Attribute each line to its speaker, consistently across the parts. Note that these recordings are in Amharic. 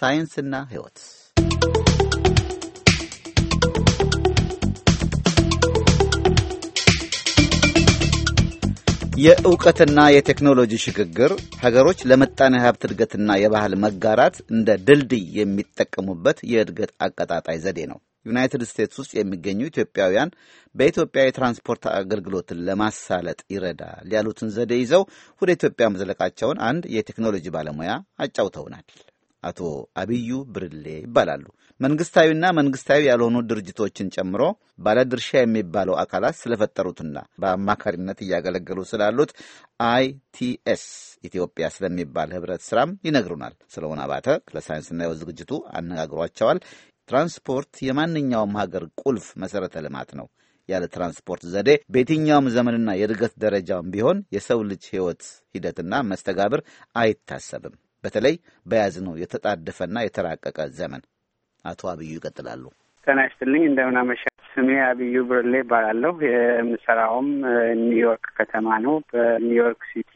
Speaker 1: ሳይንስና ሕይወት የእውቀትና የቴክኖሎጂ ሽግግር ሀገሮች ለመጣኔ ሀብት እድገትና የባህል መጋራት እንደ ድልድይ የሚጠቀሙበት የእድገት አቀጣጣይ ዘዴ ነው። ዩናይትድ ስቴትስ ውስጥ የሚገኙ ኢትዮጵያውያን በኢትዮጵያ የትራንስፖርት አገልግሎትን ለማሳለጥ ይረዳል ያሉትን ዘዴ ይዘው ወደ ኢትዮጵያ መዝለቃቸውን አንድ የቴክኖሎጂ ባለሙያ አጫውተውናል። አቶ አብዩ ብርሌ ይባላሉ። መንግስታዊና መንግስታዊ ያልሆኑ ድርጅቶችን ጨምሮ ባለድርሻ የሚባለው አካላት ስለፈጠሩትና በአማካሪነት እያገለገሉ ስላሉት አይቲኤስ ኢትዮጵያ ስለሚባል ህብረት ስራም ይነግሩናል። ስለሆነ አባተ ለሳይንስና የወ ዝግጅቱ አነጋግሯቸዋል። ትራንስፖርት የማንኛውም ሀገር ቁልፍ መሰረተ ልማት ነው። ያለ ትራንስፖርት ዘዴ በየትኛውም ዘመንና የእድገት ደረጃም ቢሆን የሰው ልጅ ህይወት ሂደትና መስተጋብር አይታሰብም። በተለይ በያዝነው የተጣደፈና የተራቀቀ ዘመን። አቶ አብዩ ይቀጥላሉ።
Speaker 2: ጤና ይስጥልኝ እንደምናመሻ ስሜ አብዩ ብርሌ ይባላለሁ። የምሰራውም ኒውዮርክ ከተማ ነው። በኒውዮርክ ሲቲ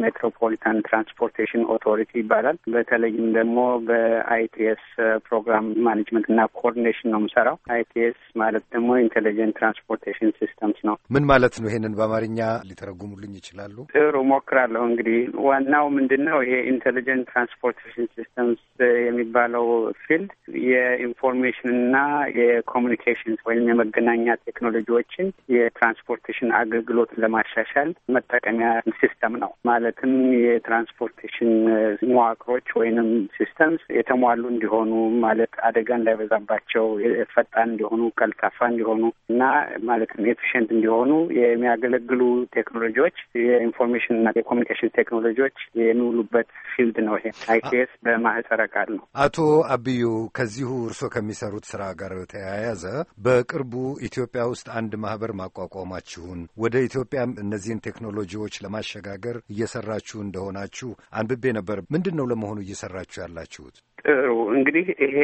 Speaker 2: ሜትሮፖሊታን ትራንስፖርቴሽን ኦቶሪቲ ይባላል። በተለይም ደግሞ በአይቲኤስ ፕሮግራም ማኔጅመንት እና ኮኦርዲኔሽን ነው የምሰራው። አይቲኤስ ማለት
Speaker 3: ደግሞ ኢንቴሊጀንት ትራንስፖርቴሽን ሲስተምስ ነው። ምን ማለት ነው? ይሄንን በአማርኛ ሊተረጉሙልኝ ይችላሉ?
Speaker 2: ጥሩ ሞክራለሁ። እንግዲህ ዋናው ምንድን ነው ይሄ ኢንቴሊጀንት ትራንስፖርቴሽን ሲስተምስ የሚባለው ፊልድ የኢንፎርሜሽን እና የኮሚኒኬሽን ወይም የመገናኛ ቴክኖሎጂዎችን የትራንስፖርቴሽን አገልግሎት ለማሻሻል መጠቀሚያ ሲስተም ነው። ማለትም የትራንስፖርቴሽን መዋቅሮች ወይንም ሲስተምስ የተሟሉ እንዲሆኑ ማለት አደጋ እንዳይበዛባቸው፣ ፈጣን እንዲሆኑ፣ ቀልጣፋ እንዲሆኑ እና ማለትም ኤፊሽንት እንዲሆኑ የሚያገለግሉ ቴክኖሎጂዎች የኢንፎርሜሽን እና የኮሚኒኬሽን ቴክኖሎጂዎች የሚውሉበት ፊልድ ነው። ይሄ አይቲኤስ በማህፀረ ቃል ነው።
Speaker 3: አቶ አብዩ ከዚሁ እርስዎ ከሚሰሩት ስራ ጋር ተያያዘ በቅ በቅርቡ ኢትዮጵያ ውስጥ አንድ ማህበር ማቋቋማችሁን ወደ ኢትዮጵያም እነዚህን ቴክኖሎጂዎች ለማሸጋገር እየሰራችሁ እንደሆናችሁ አንብቤ ነበር። ምንድን ነው ለመሆኑ እየሰራችሁ ያላችሁት?
Speaker 2: ጥሩ እንግዲህ ይሄ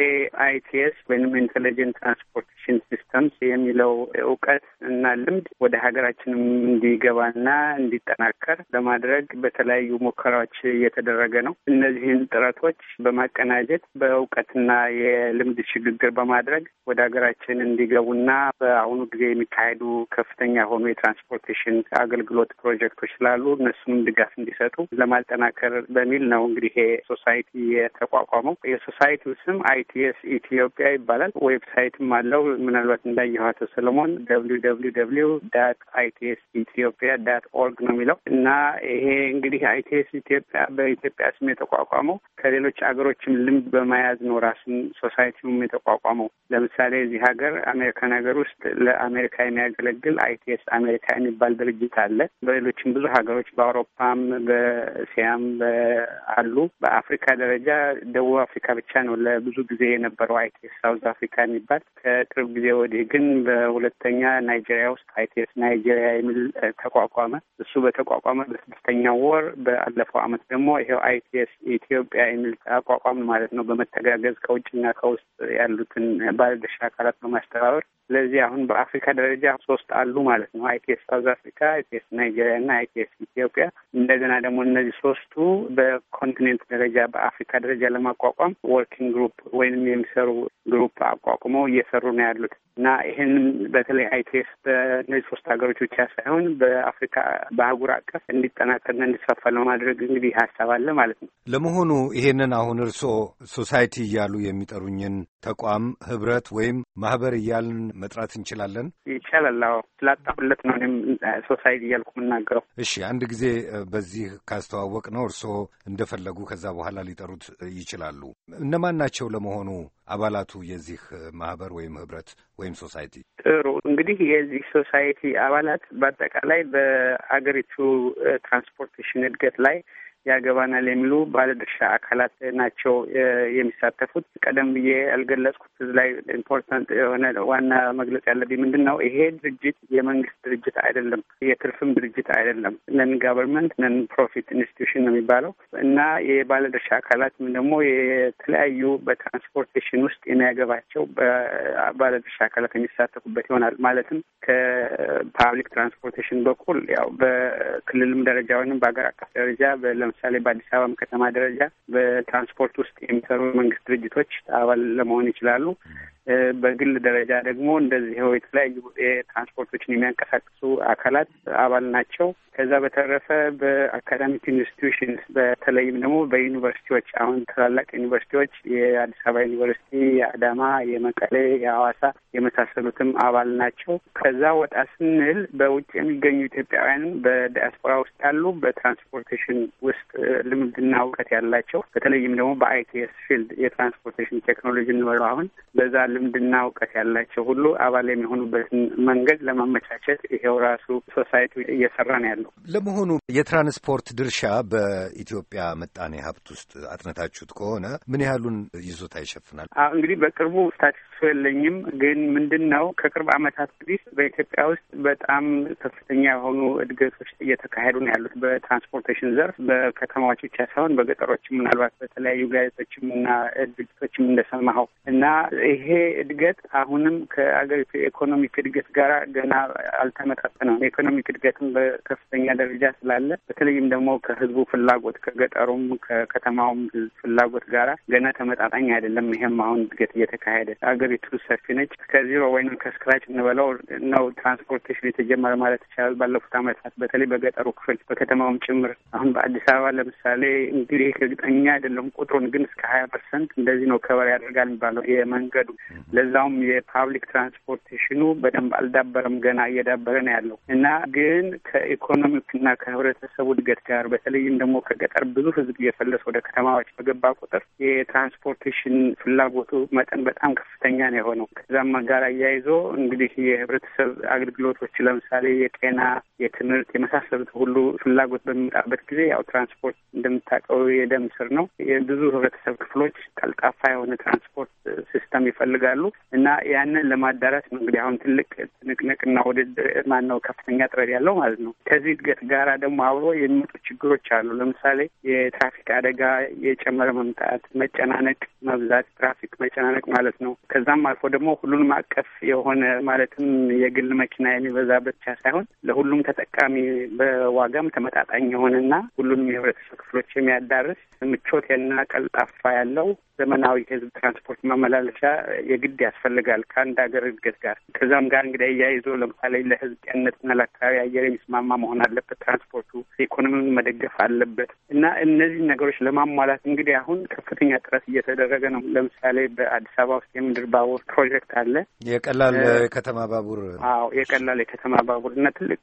Speaker 2: አይቲኤስ ወይም ኢንቴሊጀንት ትራንስፖርቴሽን ሲስተምስ የሚለው እውቀት እና ልምድ ወደ ሀገራችንም እንዲገባና እንዲጠናከር ለማድረግ በተለያዩ ሙከራዎች እየተደረገ ነው። እነዚህን ጥረቶች በማቀናጀት በእውቀትና የልምድ ሽግግር በማድረግ ወደ ሀገራችን እንዲገቡና በአሁኑ ጊዜ የሚካሄዱ ከፍተኛ የሆኑ የትራንስፖርቴሽን አገልግሎት ፕሮጀክቶች ስላሉ እነሱንም ድጋፍ እንዲሰጡ ለማጠናከር በሚል ነው እንግዲህ ይሄ ሶሳይቲ የተቋቋመው። የሶሳይቲው ስም አይቲኤስ ኢትዮጵያ ይባላል። ዌብሳይትም አለው። ምናልባት እንዳየኋቸው ሰለሞን ደብሊው ደብሊው ደብሊው ዳት አይቲኤስ ኢትዮጵያ ዳት ኦርግ ነው የሚለው እና ይሄ እንግዲህ አይቲኤስ ኢትዮጵያ በኢትዮጵያ ስም የተቋቋመው ከሌሎች ሀገሮችም ልምድ በመያዝ ነው ራሱን ሶሳይቲውም የተቋቋመው። ለምሳሌ እዚህ ሀገር አሜሪካን ሀገር ውስጥ ለአሜሪካ የሚያገለግል አይቲኤስ አሜሪካ የሚባል ድርጅት አለ። በሌሎችም ብዙ ሀገሮች በአውሮፓም በእስያም አሉ። በአፍሪካ ደረጃ ደቡብ አፍሪካ አፍሪካ ብቻ ነው ለብዙ ጊዜ የነበረው አይቴስ ሳውዝ አፍሪካ የሚባል። ከቅርብ ጊዜ ወዲህ ግን በሁለተኛ ናይጄሪያ ውስጥ አይቴስ ናይጄሪያ የሚል ተቋቋመ። እሱ በተቋቋመ በስድስተኛ ወር በአለፈው አመት ደግሞ ይሄው አይቲኤስ ኢትዮጵያ የሚል አቋቋም ማለት ነው። በመተጋገዝ ከውጭና ከውስጥ ያሉትን ባለድርሻ አካላት በማስተባበር ስለዚህ አሁን በአፍሪካ ደረጃ ሶስት አሉ ማለት ነው። አይቲኤስ ሳውዝ አፍሪካ፣ አይቲኤስ ናይጄሪያ እና አይቲኤስ ኢትዮጵያ። እንደገና ደግሞ እነዚህ ሶስቱ በኮንቲኔንት ደረጃ በአፍሪካ ደረጃ ለማቋቋም ወርኪንግ ግሩፕ ወይንም የሚሰሩ ግሩፕ አቋቁመው እየሰሩ ነው ያሉት እና ይህንም በተለይ አይቴስ በእነዚህ ሶስት ሀገሮች ብቻ ሳይሆን በአፍሪካ በአህጉር አቀፍ እንዲጠናከርና እንዲስፋፋ ለማድረግ እንግዲህ ሀሳብ አለ ማለት ነው።
Speaker 3: ለመሆኑ ይሄንን አሁን እርስዎ ሶሳይቲ እያሉ የሚጠሩኝን ተቋም ህብረት ወይም ማህበር እያልን መጥራት እንችላለን?
Speaker 2: ይቻላል። አዎ ስላጣሁለት ነው እኔም ሶሳይቲ እያልኩ የምናገረው።
Speaker 3: እሺ፣ አንድ ጊዜ በዚህ ካስተዋወቅ ነው እርስዎ እንደፈለጉ ከዛ በኋላ ሊጠሩት ይችላሉ። እነማን ናቸው ለመሆኑ አባላቱ የዚህ ማህበር ወይም ህብረት ወይም ሶሳይቲ? ጥሩ እንግዲህ የዚህ ሶሳይቲ አባላት በአጠቃላይ በአገሪቱ
Speaker 2: ትራንስፖርቴሽን እድገት ላይ ያገባናል የሚሉ ባለድርሻ አካላት ናቸው የሚሳተፉት። ቀደም ብዬ ያልገለጽኩት ላይ ኢምፖርታንት የሆነ ዋና መግለጽ ያለብኝ ምንድን ነው፣ ይሄ ድርጅት የመንግስት ድርጅት አይደለም፣ የትርፍም ድርጅት አይደለም። ነን ጋቨርንመንት ነን ፕሮፊት ኢንስቲትዩሽን ነው የሚባለው እና የባለድርሻ አካላት ደግሞ የተለያዩ በትራንስፖርቴሽን ውስጥ የሚያገባቸው ባለድርሻ አካላት የሚሳተፉበት ይሆናል። ማለትም ከፓብሊክ ትራንስፖርቴሽን በኩል ያው በክልልም ደረጃ ወይም በሀገር አቀፍ ደረጃ ለምሳሌ በአዲስ አበባም ከተማ ደረጃ በትራንስፖርት ውስጥ የሚሰሩ መንግስት ድርጅቶች አባል ለመሆን ይችላሉ። በግል ደረጃ ደግሞ እንደዚህው የተለያዩ የትራንስፖርቶችን የሚያንቀሳቅሱ አካላት አባል ናቸው። ከዛ በተረፈ በአካዳሚክ ኢንስቲትዩሽንስ በተለይም ደግሞ በዩኒቨርሲቲዎች አሁን ትላላቅ ዩኒቨርሲቲዎች የአዲስ አበባ ዩኒቨርሲቲ፣ የአዳማ፣ የመቀሌ፣ የሐዋሳ የመሳሰሉትም አባል ናቸው። ከዛ ወጣ ስንል በውጭ የሚገኙ ኢትዮጵያውያን በዲያስፖራ ውስጥ ያሉ በትራንስፖርቴሽን ውስጥ ልምድና እውቀት ያላቸው በተለይም ደግሞ በአይቲኤስ ፊልድ የትራንስፖርቴሽን ቴክኖሎጂ እንበለው አሁን በዛ ልምድና እውቀት ያላቸው ሁሉ አባል የሚሆኑበትን መንገድ ለማመቻቸት ይሄው ራሱ ሶሳይቲ እየሰራ ነው ያለው።
Speaker 3: ለመሆኑ የትራንስፖርት ድርሻ በኢትዮጵያ ምጣኔ ሀብት ውስጥ አጥነታችሁት ከሆነ ምን ያህሉን ይዞታ ይሸፍናል?
Speaker 2: እንግዲህ በቅርቡ ስታቲስ እውቀቱ የለኝም። ግን ምንድን ነው ከቅርብ ዓመታት ወዲህ በኢትዮጵያ ውስጥ በጣም ከፍተኛ የሆኑ እድገቶች እየተካሄዱ ነው ያሉት በትራንስፖርቴሽን ዘርፍ በከተማዎች ብቻ ሳይሆን በገጠሮችም ምናልባት በተለያዩ ጋዜጦችም እና ድርጅቶችም እንደሰማኸው እና ይሄ እድገት አሁንም ከአገሪቱ የኢኮኖሚክ እድገት ጋር ገና አልተመጣጠነም። የኢኮኖሚክ እድገትም በከፍተኛ ደረጃ ስላለ በተለይም ደግሞ ከህዝቡ ፍላጎት ከገጠሩም ከከተማውም ህዝብ ፍላጎት ጋራ ገና ተመጣጣኝ አይደለም። ይሄም አሁን እድገት እየተካሄደ አገር ሀገሪቱ ሰፊ ነች። ከዚሮ ወይም ከስክራች እንበለው ነው ትራንስፖርቴሽን የተጀመረ ማለት ይቻላል። ባለፉት አመታት በተለይ በገጠሩ ክፍል በከተማውም ጭምር አሁን በአዲስ አበባ ለምሳሌ እንግዲህ እርግጠኛ አይደለም ቁጥሩን ግን እስከ ሀያ ፐርሰንት እንደዚህ ነው ከበር ያደርጋል የሚባለው የመንገዱ ለዛውም የፓብሊክ ትራንስፖርቴሽኑ በደንብ አልዳበረም፣ ገና እየዳበረ ነው ያለው እና ግን ከኢኮኖሚክ እና ከህብረተሰቡ እድገት ጋር በተለይም ደግሞ ከገጠር ብዙ ህዝብ እየፈለሰ ወደ ከተማዎች በገባ ቁጥር የትራንስፖርቴሽን ፍላጎቱ መጠን በጣም ከፍተኛ ነው የሆነው። ከዛም ጋር አያይዞ እንግዲህ የህብረተሰብ አገልግሎቶች ለምሳሌ የጤና፣ የትምህርት የመሳሰሉት ሁሉ ፍላጎት በሚመጣበት ጊዜ ያው ትራንስፖርት እንደምታውቀው የደም ስር ነው። የብዙ ህብረተሰብ ክፍሎች ቀልጣፋ የሆነ ትራንስፖርት ሲስተም ይፈልጋሉ እና ያንን ለማዳረስ ነው እንግዲህ አሁን ትልቅ ትንቅንቅና ውድድር ማን ነው ከፍተኛ ጥረት ያለው ማለት ነው። ከዚህ እድገት ጋራ ደግሞ አብሮ የሚመጡ ችግሮች አሉ። ለምሳሌ የትራፊክ አደጋ የጨመረ መምጣት፣ መጨናነቅ መብዛት፣ ትራፊክ መጨናነቅ ማለት ነው። ከዛም አልፎ ደግሞ ሁሉንም አቀፍ የሆነ ማለትም የግል መኪና የሚበዛ ብቻ ሳይሆን ለሁሉም ተጠቃሚ በዋጋም ተመጣጣኝ የሆነና ሁሉንም የህብረተሰብ ክፍሎች የሚያዳርስ ምቾትና ቀልጣፋ ያለው ዘመናዊ የህዝብ ትራንስፖርት መመላለሻ የግድ ያስፈልጋል ከአንድ ሀገር እድገት ጋር። ከዛም ጋር እንግዲህ እያይዞ ለምሳሌ ለህዝብ ጤንነትና ለአካባቢ አየር የሚስማማ መሆን አለበት። ትራንስፖርቱ ኢኮኖሚውን መደገፍ አለበት እና እነዚህ ነገሮች ለማሟላት እንግዲህ አሁን ከፍተኛ ጥረት እየተደረገ ነው። ለምሳሌ በአዲስ አበባ ውስጥ የምድር ባቡር ፕሮጀክት አለ።
Speaker 3: የቀላል የከተማ ባቡር
Speaker 2: አዎ፣ የቀላል የከተማ ባቡር እና ትልቅ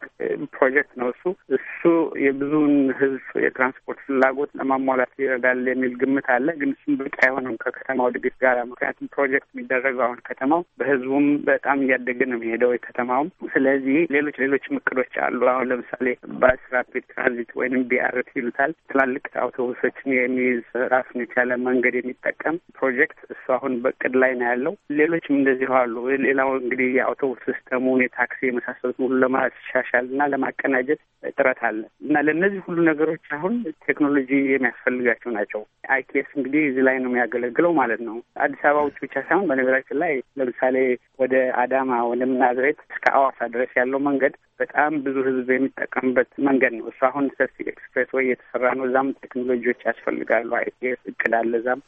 Speaker 2: ፕሮጀክት ነው እሱ እሱ የብዙውን ህዝብ የትራንስፖርት ፍላጎት ለማሟላት ይረዳል የሚል ግምት አለ። ግን እሱም በቂ አይሆንም ከከተማው እድገት ጋር። ምክንያቱም ፕሮጀክት የሚደረገው አሁን ከተማው በህዝቡም በጣም እያደገ ነው የሚሄደው የከተማውም። ስለዚህ ሌሎች ሌሎች እቅዶች አሉ። አሁን ለምሳሌ ባስ ራፒድ ትራንዚት ወይም ቢአርት ይሉታል ትላልቅ አውቶቡሶችን የሚይዝ ራሱን የቻለ መንገድ የሚጠቀም ፕሮጀክት እሱ አሁን በቅድ ላይ ነው ያለው። ሌሎችም እንደዚሁ አሉ። ሌላው እንግዲህ የአውቶቡስ ሲስተሙን የታክሲ የመሳሰሉት ሁሉ ለማሻሻል እና ለማቀናጀት ጥረት አለ እና ለእነዚህ ሁሉ ነገሮች አሁን ቴክኖሎጂ የሚያስፈልጋቸው ናቸው። አይኬስ እንግዲህ እዚህ ላይ ነው የሚያገለግለው ማለት ነው። አዲስ አበባ ውጭ ብቻ ሳይሆን በነገራችን ላይ ለምሳሌ ወደ አዳማ ወደ ምናዝሬት እስከ አዋሳ ድረስ ያለው መንገድ በጣም ብዙ ህዝብ የሚጠቀምበት መንገድ ነው። እሱ አሁን ሰፊ ኤክስፕሬስ ወይ የተሰራ ነው። እዛም ቴክኖሎጂዎች ያስፈልጋሉ። አይቴስ እቅድ አለ እዛም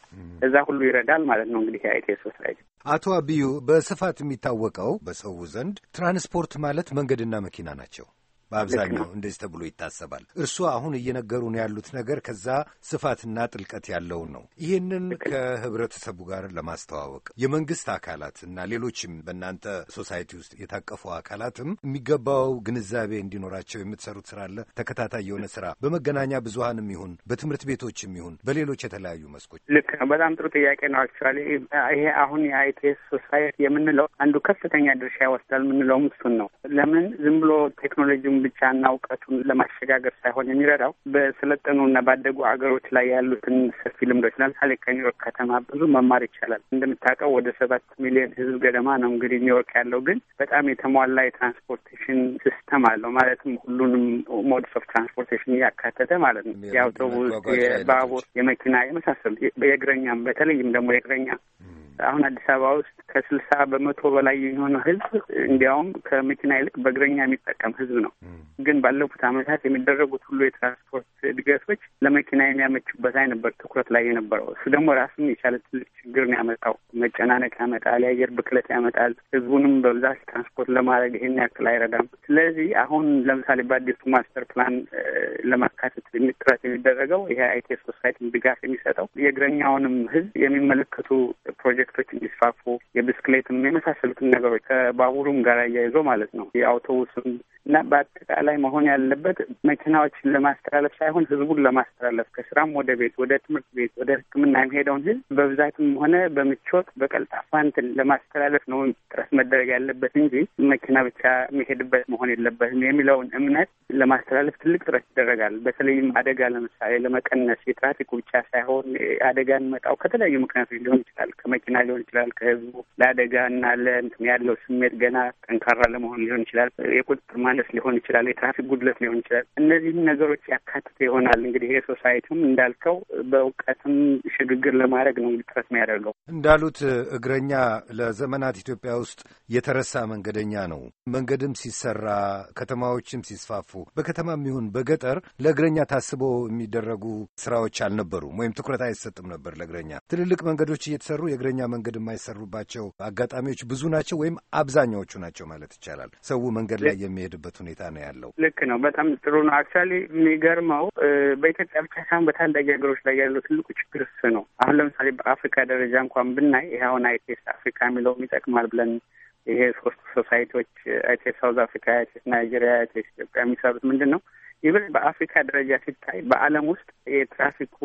Speaker 2: እዛ ሁሉ ይረዳል ማለት ነው እንግዲህ የአይቴስ ወስራይ
Speaker 3: አቶ አብዩ በስፋት የሚታወቀው በሰው ዘንድ ትራንስፖርት ማለት መንገድና መኪና ናቸው። በአብዛኛው እንደዚህ ተብሎ ይታሰባል። እርስዎ አሁን እየነገሩን ያሉት ነገር ከዛ ስፋትና ጥልቀት ያለውን ነው። ይህንን ከህብረተሰቡ ጋር ለማስተዋወቅ የመንግስት አካላት እና ሌሎችም በእናንተ ሶሳይቲ ውስጥ የታቀፉ አካላትም የሚገባው ግንዛቤ እንዲኖራቸው የምትሰሩት ስራ አለ። ተከታታይ የሆነ ስራ በመገናኛ ብዙሀንም ይሁን በትምህርት ቤቶችም ይሁን በሌሎች የተለያዩ መስኮች።
Speaker 2: ልክ ነው። በጣም ጥሩ ጥያቄ ነው። አክቹዋሊ ይሄ አሁን የአይቲኤስ ሶሳይቲ የምንለው አንዱ ከፍተኛ ድርሻ ይወስዳል የምንለውም እሱን ነው። ለምን ዝም ብሎ ቴክኖሎጂ ብቻና እውቀቱን ለማሸጋገር ሳይሆን የሚረዳው በሰለጠኑና ባደጉ አገሮች ላይ ያሉትን ሰፊ ልምዶች ለምሳሌ ከኒውዮርክ ከተማ ብዙ መማር ይቻላል። እንደምታውቀው ወደ ሰባት ሚሊዮን ህዝብ ገደማ ነው እንግዲህ ኒውዮርክ ያለው፣ ግን በጣም የተሟላ የትራንስፖርቴሽን ሲስተም አለው። ማለትም ሁሉንም ሞድስ ኦፍ ትራንስፖርቴሽን እያካተተ ማለት ነው። የአውቶቡስ፣ የባቡር፣ የመኪና የመሳሰሉ የእግረኛም በተለይም ደግሞ የእግረኛ አሁን አዲስ አበባ ውስጥ ከስልሳ በመቶ በላይ የሆነው ህዝብ እንዲያውም ከመኪና ይልቅ በእግረኛ የሚጠቀም ህዝብ ነው። ግን ባለፉት ዓመታት የሚደረጉት ሁሉ የትራንስፖርት እድገቶች ለመኪና የሚያመችበት አይነበር ትኩረት ላይ የነበረው። እሱ ደግሞ ራሱን የቻለ ትልቅ ችግር ነው ያመጣው። መጨናነቅ ያመጣል፣ የአየር ብክለት ያመጣል። ህዝቡንም በብዛት ትራንስፖርት ለማድረግ ይህን ያክል አይረዳም። ስለዚህ አሁን ለምሳሌ በአዲሱ ማስተር ፕላን ለማካተት ጥረት የሚደረገው ይሄ አይቴ ሶሳይቲ ድጋፍ የሚሰጠው የእግረኛውንም ህዝብ የሚመለከቱ ፕሮጀክት ምልክቶች እንዲስፋፉ የብስክሌትም የመሳሰሉትን ነገሮች ከባቡሩም ጋር እያይዞ ማለት ነው የአውቶቡስም እና በአጠቃላይ መሆን ያለበት መኪናዎችን ለማስተላለፍ ሳይሆን ህዝቡን ለማስተላለፍ ከስራም ወደ ቤት፣ ወደ ትምህርት ቤት፣ ወደ ሕክምና የሚሄደውን ህዝብ በብዛትም ሆነ በምቾት በቀልጣፋ እንትን ለማስተላለፍ ነው ጥረት መደረግ ያለበት እንጂ መኪና ብቻ የሚሄድበት መሆን የለበትም የሚለውን እምነት ለማስተላለፍ ትልቅ ጥረት ይደረጋል። በተለይም አደጋ ለምሳሌ ለመቀነስ የትራፊኩ ብቻ ሳይሆን አደጋ የሚመጣው ከተለያዩ ምክንያቶች ሊሆን ይችላል ከመኪና ሊሆን ይችላል። ከህዝቡ ለአደጋ እና ለእንትን ያለው ስሜት ገና ጠንካራ ለመሆን ሊሆን ይችላል። የቁጥጥር ማነስ ሊሆን ይችላል። የትራፊክ ጉድለት ሊሆን ይችላል። እነዚህም ነገሮች ያካትት ይሆናል። እንግዲህ ይሄ ሶሳይቲም እንዳልከው በእውቀትም ሽግግር ለማድረግ ነው ጥረት የሚያደርገው።
Speaker 3: እንዳሉት እግረኛ ለዘመናት ኢትዮጵያ ውስጥ የተረሳ መንገደኛ ነው። መንገድም ሲሰራ ከተማዎችም ሲስፋፉ በከተማም ይሁን በገጠር ለእግረኛ ታስቦ የሚደረጉ ስራዎች አልነበሩም ወይም ትኩረት አይሰጥም ነበር ለእግረኛ። ትልልቅ መንገዶች እየተሰሩ የእግረኛ በትክክለኛ መንገድ የማይሰሩባቸው አጋጣሚዎች ብዙ ናቸው፣ ወይም አብዛኛዎቹ ናቸው ማለት ይቻላል። ሰው መንገድ ላይ የሚሄድበት ሁኔታ ነው ያለው። ልክ
Speaker 2: ነው። በጣም ጥሩ ነው። አክቹዋሊ የሚገርመው በኢትዮጵያ ብቻ ሳይሆን በታዳጊ ሀገሮች ላይ ያለው ትልቁ ችግር እሱ ነው። አሁን ለምሳሌ በአፍሪካ ደረጃ እንኳን ብናይ ይህ አሁን አይቴስ አፍሪካ የሚለው ይጠቅማል ብለን ይሄ ሶስቱ ሶሳይቲዎች አይቴስ ሳውዝ አፍሪካ፣ አይቴስ ናይጄሪያ፣ አይቴስ ኢትዮጵያ የሚሰሩት ምንድን ነው ኢቨን በአፍሪካ ደረጃ ሲታይ በዓለም ውስጥ የትራፊኩ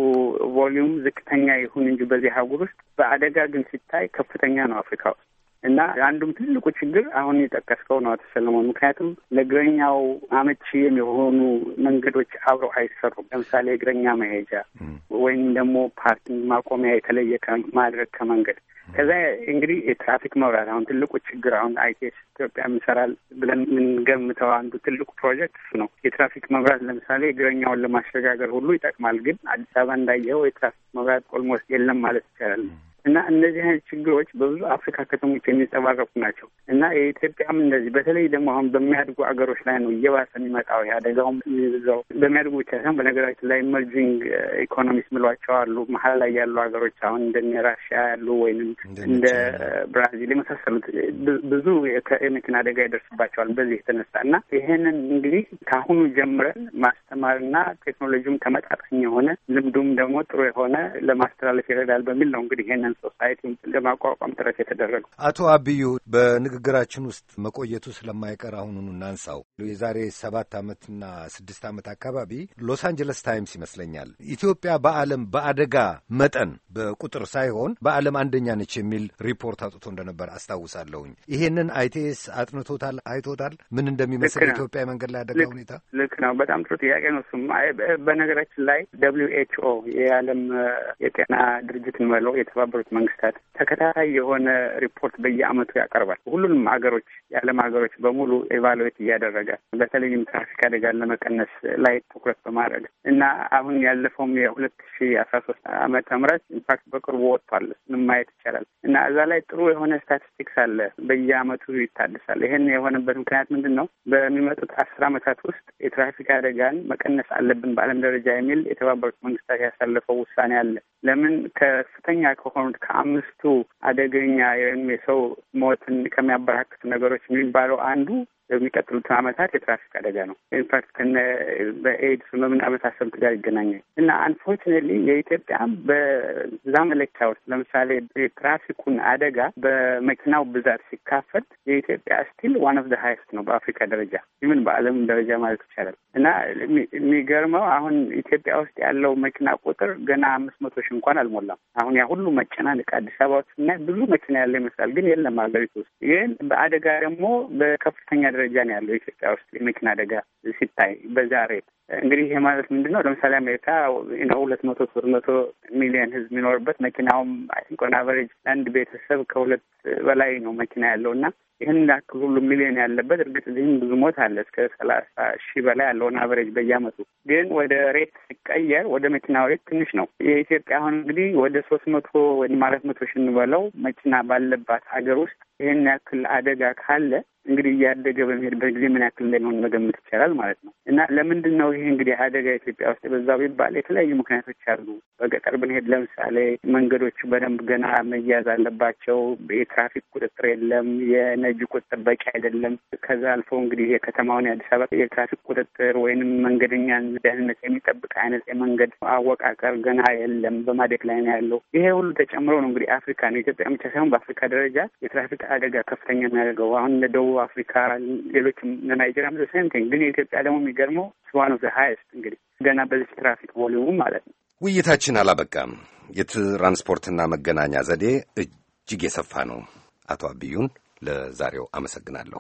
Speaker 2: ቮሊዩም ዝቅተኛ ይሁን እንጂ በዚህ አህጉር ውስጥ በአደጋ ግን ሲታይ ከፍተኛ ነው አፍሪካ ውስጥ እና አንዱም ትልቁ ችግር አሁን የጠቀስከው ነው አቶ ሰለሞን። ምክንያቱም ለእግረኛው አመቺ የሚሆኑ መንገዶች አብረው አይሰሩም። ለምሳሌ እግረኛ መሄጃ ወይም ደግሞ ፓርኪንግ ማቆሚያ የተለየ ማድረግ ከመንገድ ከዛ እንግዲህ የትራፊክ መብራት አሁን ትልቁ ችግር አሁን አይቴስ ኢትዮጵያ ምሰራል ብለን የምንገምተው አንዱ ትልቁ ፕሮጀክት እሱ ነው። የትራፊክ መብራት ለምሳሌ እግረኛውን ለማሸጋገር ሁሉ ይጠቅማል። ግን አዲስ አበባ እንዳየኸው የትራፊክ መብራት ኦልሞስት የለም ማለት ይቻላል። እና እነዚህ አይነት ችግሮች በብዙ አፍሪካ ከተሞች የሚንጸባረቁ ናቸው እና የኢትዮጵያም እነዚህ በተለይ ደግሞ አሁን በሚያድጉ አገሮች ላይ ነው እየባሰ የሚመጣው አደጋውም የሚብዛው በሚያድጉ ብቻ ሳይሆን በነገራችን ላይ ኢመርጂንግ ኢኮኖሚስ ምሏቸው አሉ መሀል ላይ ያሉ ሀገሮች አሁን እንደ ራሽያ ያሉ ወይንም እንደ ብራዚል የመሳሰሉት ብዙ የመኪና አደጋ ይደርስባቸዋል በዚህ የተነሳ እና ይህንን እንግዲህ ከአሁኑ ጀምረን ማስተማርና ቴክኖሎጂውም ተመጣጣኝ የሆነ ልምዱም ደግሞ ጥሩ የሆነ ለማስተላለፍ ይረዳል በሚል ነው እንግዲህ ይሄንን ሲቪል ሶሳይቲን ለማቋቋም ጥረት የተደረገው።
Speaker 3: አቶ አብዩ በንግግራችን ውስጥ መቆየቱ ስለማይቀር አሁኑኑ እናንሳው። የዛሬ ሰባት ዓመትና ስድስት ዓመት አካባቢ ሎስ አንጀለስ ታይምስ ይመስለኛል ኢትዮጵያ በዓለም በአደጋ መጠን በቁጥር ሳይሆን በዓለም አንደኛ ነች የሚል ሪፖርት አውጥቶ እንደነበር አስታውሳለሁኝ። ይሄንን አይቲኤስ አጥንቶታል፣ አይቶታል ምን እንደሚመስል ኢትዮጵያ መንገድ ላይ አደጋ ሁኔታ።
Speaker 2: ልክ ነው። በጣም ጥሩ ጥያቄ ነው። እሱማ በነገራችን ላይ ደብሊው ኤች ኦ የዓለም የጤና ድርጅት እንበለው የተባበሩ የተባበሩት መንግስታት ተከታታይ የሆነ ሪፖርት በየአመቱ ያቀርባል። ሁሉንም ሀገሮች የዓለም ሀገሮች በሙሉ ኤቫሉዌት እያደረገ በተለይም ትራፊክ አደጋን ለመቀነስ ላይ ትኩረት በማድረግ እና አሁን ያለፈውም የሁለት ሺ አስራ ሶስት አመተ ምህረት ኢንፋክት በቅርቡ ወጥቷል። እሱንም ማየት ይቻላል እና እዛ ላይ ጥሩ የሆነ ስታቲስቲክስ አለ። በየአመቱ ይታደሳል። ይህን የሆነበት ምክንያት ምንድን ነው? በሚመጡት አስር አመታት ውስጥ የትራፊክ አደጋን መቀነስ አለብን በዓለም ደረጃ የሚል የተባበሩት መንግስታት ያሳለፈው ውሳኔ አለ። ለምን ከፍተኛ ከሆኑ አንድ ከአምስቱ አደገኛ የሰው ሞትን ከሚያበራክት ነገሮች የሚባለው አንዱ በሚቀጥሉት አመታት የትራፊክ አደጋ ነው። ኢንፋክት ከነ በኤድስ በምን በምናመሳሰሉት ጋር ይገናኛል እና አንፎርችኔትሊ የኢትዮጵያ በዛ መለኪያ ውስጥ ለምሳሌ የትራፊኩን አደጋ በመኪናው ብዛት ሲካፈል የኢትዮጵያ ስቲል ዋን ኦፍ ዘ ሀይስት ነው በአፍሪካ ደረጃ ይምን በዓለም ደረጃ ማለት ይቻላል። እና የሚገርመው አሁን ኢትዮጵያ ውስጥ ያለው መኪና ቁጥር ገና አምስት መቶ ሺህ እንኳን አልሞላም። አሁን ያ ሁሉ መጨናነቅ አዲስ አበባ ውስጥ እና ብዙ መኪና ያለ ይመስላል፣ ግን የለም ሀገሪቱ ውስጥ። ግን በአደጋ ደግሞ በከፍተኛ ደረጃ ነው ያለው ኢትዮጵያ ውስጥ የመኪና አደጋ ሲታይ በዛ ሬት። እንግዲህ ይሄ ማለት ምንድን ነው? ለምሳሌ አሜሪካ ሁለት መቶ ሶስት መቶ ሚሊዮን ህዝብ የሚኖርበት መኪናውም አይ ቲንክ ኦን አቨሬጅ አንድ ቤተሰብ ከሁለት በላይ ነው መኪና ያለው እና ይህን ያክል ሁሉ ሚሊዮን ያለበት እርግጥ እዚህም ብዙ ሞት አለ እስከ ሰላሳ ሺህ በላይ ያለውን አቨሬጅ በየአመቱ ግን ወደ ሬት ሲቀየር ወደ መኪናው ሬት ትንሽ ነው። የኢትዮጵያ አሁን እንግዲህ ወደ ሶስት መቶ ወይም አራት መቶ ሺህ እንበለው መኪና ባለባት ሀገር ውስጥ ይህን ያክል አደጋ ካለ እንግዲህ እያደገ በሚሄድበት ጊዜ ምን ያክል እንደሚሆን መገመት ይቻላል ማለት ነው። እና ለምንድን ነው ይህ እንግዲህ አደጋ ኢትዮጵያ ውስጥ በዛው ቢባል የተለያዩ ምክንያቶች አሉ። በገጠር ብንሄድ ለምሳሌ መንገዶቹ በደንብ ገና መያዝ አለባቸው። የትራፊክ ቁጥጥር የለም። የእጅ ቁጥጥር በቂ አይደለም። ከዛ አልፎ እንግዲህ የከተማውን የአዲስ አበባ የትራፊክ ቁጥጥር ወይንም መንገደኛን ደህንነት የሚጠብቅ አይነት የመንገድ አወቃቀር ገና የለም፣ በማደግ ላይ ነው ያለው። ይሄ ሁሉ ተጨምሮ ነው እንግዲህ ነው ኢትዮጵያ ብቻ ሳይሆን በአፍሪካ ደረጃ የትራፊክ አደጋ ከፍተኛ የሚያደርገው አሁን ለደቡብ አፍሪካ፣ ሌሎችም ናይጄሪያ ሰምቲንግ ግን የኢትዮጵያ ደግሞ የሚገርመው ስዋን ኦፍ ዘ ሀይስት እንግዲህ ገና በዚህ ትራፊክ ቮሊዩም ማለት ነው።
Speaker 3: ውይይታችን አላበቃም። የትራንስፖርትና መገናኛ ዘዴ እጅግ የሰፋ ነው። አቶ አብዩን ለዛሬው አመሰግናለሁ።